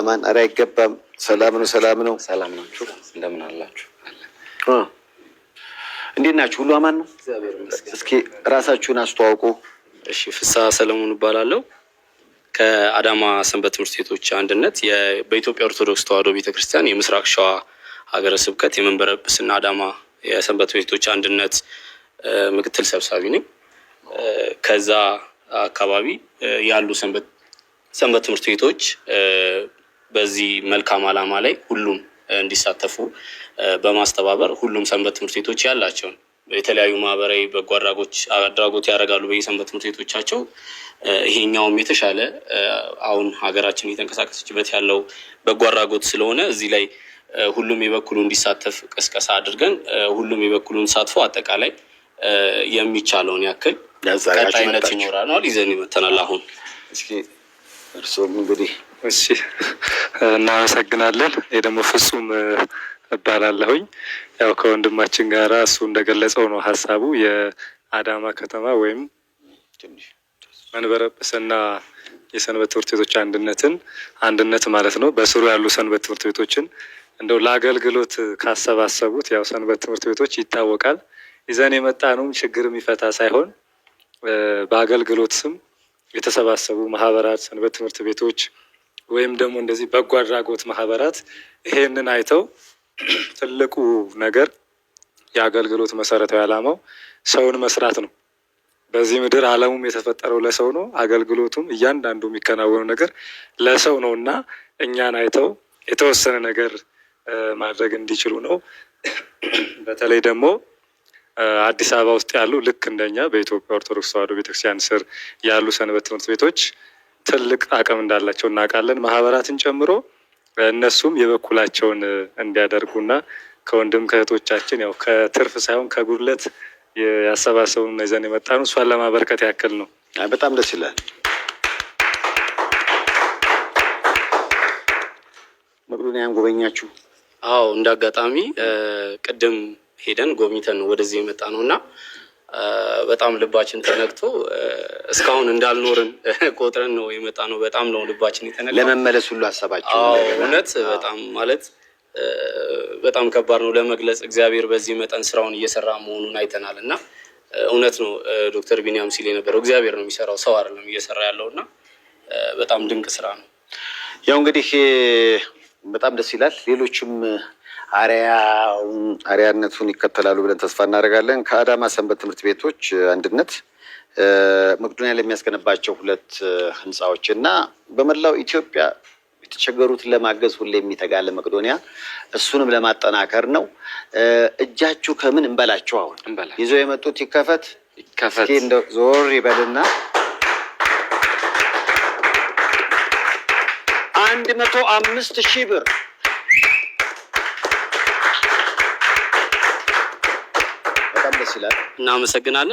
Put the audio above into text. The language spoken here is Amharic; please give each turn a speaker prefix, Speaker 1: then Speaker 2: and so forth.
Speaker 1: አማን ኧረ አይገባም። ሰላም ነው፣ ሰላም ነው፣ ሰላም ናችሁ። እንደምን አላችሁ? እንዴት ናችሁ? ሁሉ አማን ነው። እስኪ ራሳችሁን አስተዋውቁ።
Speaker 2: እሺ፣ ፍስሐ ሰለሞን እባላለሁ ከአዳማ ሰንበት ትምህርት ቤቶች አንድነት በኢትዮጵያ ኦርቶዶክስ ተዋሕዶ ቤተክርስቲያን የምስራቅ ሸዋ ሀገረ ስብከት የመንበረ ጵጵስና አዳማ የሰንበት ቤቶች አንድነት ምክትል ሰብሳቢ ነኝ። ከዛ አካባቢ ያሉ ሰንበት ትምህርት ቤቶች በዚህ መልካም ዓላማ ላይ ሁሉም እንዲሳተፉ በማስተባበር ሁሉም ሰንበት ትምህርት ቤቶች ያላቸውን የተለያዩ ማህበራዊ በጎ አድራጎች አድራጎት ያደርጋሉ በየሰንበት ትምህርት ቤቶቻቸው። ይሄኛውም የተሻለ አሁን ሀገራችን እየተንቀሳቀሰችበት ያለው በጎ አድራጎት ስለሆነ እዚህ ላይ ሁሉም የበኩሉ እንዲሳተፍ ቅስቀሳ አድርገን ሁሉም የበኩሉን ሳትፎ አጠቃላይ የሚቻለውን ያክል
Speaker 1: ቀጣይነት ይኖራል
Speaker 2: ይዘን ይመተናል። አሁን
Speaker 1: እስኪ እርስዎም እንግዲህ
Speaker 3: እሺ እናመሰግናለን። ይህ ደግሞ ፍጹም እባላለሁኝ። ያው ከወንድማችን ጋር እሱ እንደገለጸው ነው ሀሳቡ የአዳማ ከተማ ወይም መንበረ የሰንበት ትምህርት ቤቶች አንድነትን አንድነት ማለት ነው። በስሩ ያሉ ሰንበት ትምህርት ቤቶችን እንደው ለአገልግሎት ካሰባሰቡት ያው ሰንበት ትምህርት ቤቶች ይታወቃል። ይዘን የመጣ ችግር የሚፈታ ሳይሆን በአገልግሎት ስም የተሰባሰቡ ማህበራት፣ ሰንበት ትምህርት ቤቶች ወይም ደግሞ እንደዚህ በጎ አድራጎት ማህበራት ይሄንን አይተው ትልቁ ነገር የአገልግሎት መሰረታዊ ዓላማው ሰውን መስራት ነው። በዚህ ምድር ዓለሙም የተፈጠረው ለሰው ነው። አገልግሎቱም እያንዳንዱ የሚከናወነው ነገር ለሰው ነው እና እኛን አይተው የተወሰነ ነገር ማድረግ እንዲችሉ ነው። በተለይ ደግሞ አዲስ አበባ ውስጥ ያሉ ልክ እንደኛ በኢትዮጵያ ኦርቶዶክስ ተዋሕዶ ቤተክርስቲያን ስር ያሉ ሰንበት ትምህርት ቤቶች ትልቅ አቅም እንዳላቸው እናውቃለን። ማህበራትን ጨምሮ እነሱም የበኩላቸውን እንዲያደርጉና ከወንድም ከእህቶቻችን ያው ከትርፍ ሳይሆን ከጉድለት ያሰባሰቡን ይዘን የመጣ ነው። እሷን ለማበርከት ያክል ነው።
Speaker 1: በጣም ደስ ይላል። መቄዶንያን ጎበኛችሁ?
Speaker 2: አዎ፣ እንደ አጋጣሚ ቅድም ሄደን ጎብኝተን ወደዚህ የመጣ ነው እና በጣም ልባችን ተነክቶ እስካሁን እንዳልኖርን ቆጥረን ነው የመጣ ነው። በጣም ነው ልባችን የተነካ።
Speaker 1: ለመመለስ ሁሉ አሰባችሁ?
Speaker 2: እውነት በጣም ማለት በጣም ከባድ ነው ለመግለጽ። እግዚአብሔር በዚህ መጠን ስራውን እየሰራ መሆኑን አይተናል እና እውነት ነው ዶክተር ቢኒያም ሲል የነበረው እግዚአብሔር ነው የሚሰራው፣ ሰው አይደለም እየሰራ ያለው እና በጣም ድንቅ ስራ ነው።
Speaker 1: ያው እንግዲህ በጣም ደስ ይላል። ሌሎችም አሪያነቱን ይከተላሉ ብለን ተስፋ እናደርጋለን። ከአዳማ ሰንበት ትምህርት ቤቶች አንድነት መቅዶኒያ ለሚያስገነባቸው ሁለት ህንፃዎች እና በመላው ኢትዮጵያ የተቸገሩትን ለማገዝ ሁሌ የሚተጋ ለመቅዶኒያ እሱንም ለማጠናከር ነው። እጃችሁ ከምን እንበላችሁ። አሁን ይዞ የመጡት ይከፈት ይከፈት ዞር ይበልና አንድ መቶ አምስት ሺህ ብር ይችላል።
Speaker 2: እናመሰግናለን።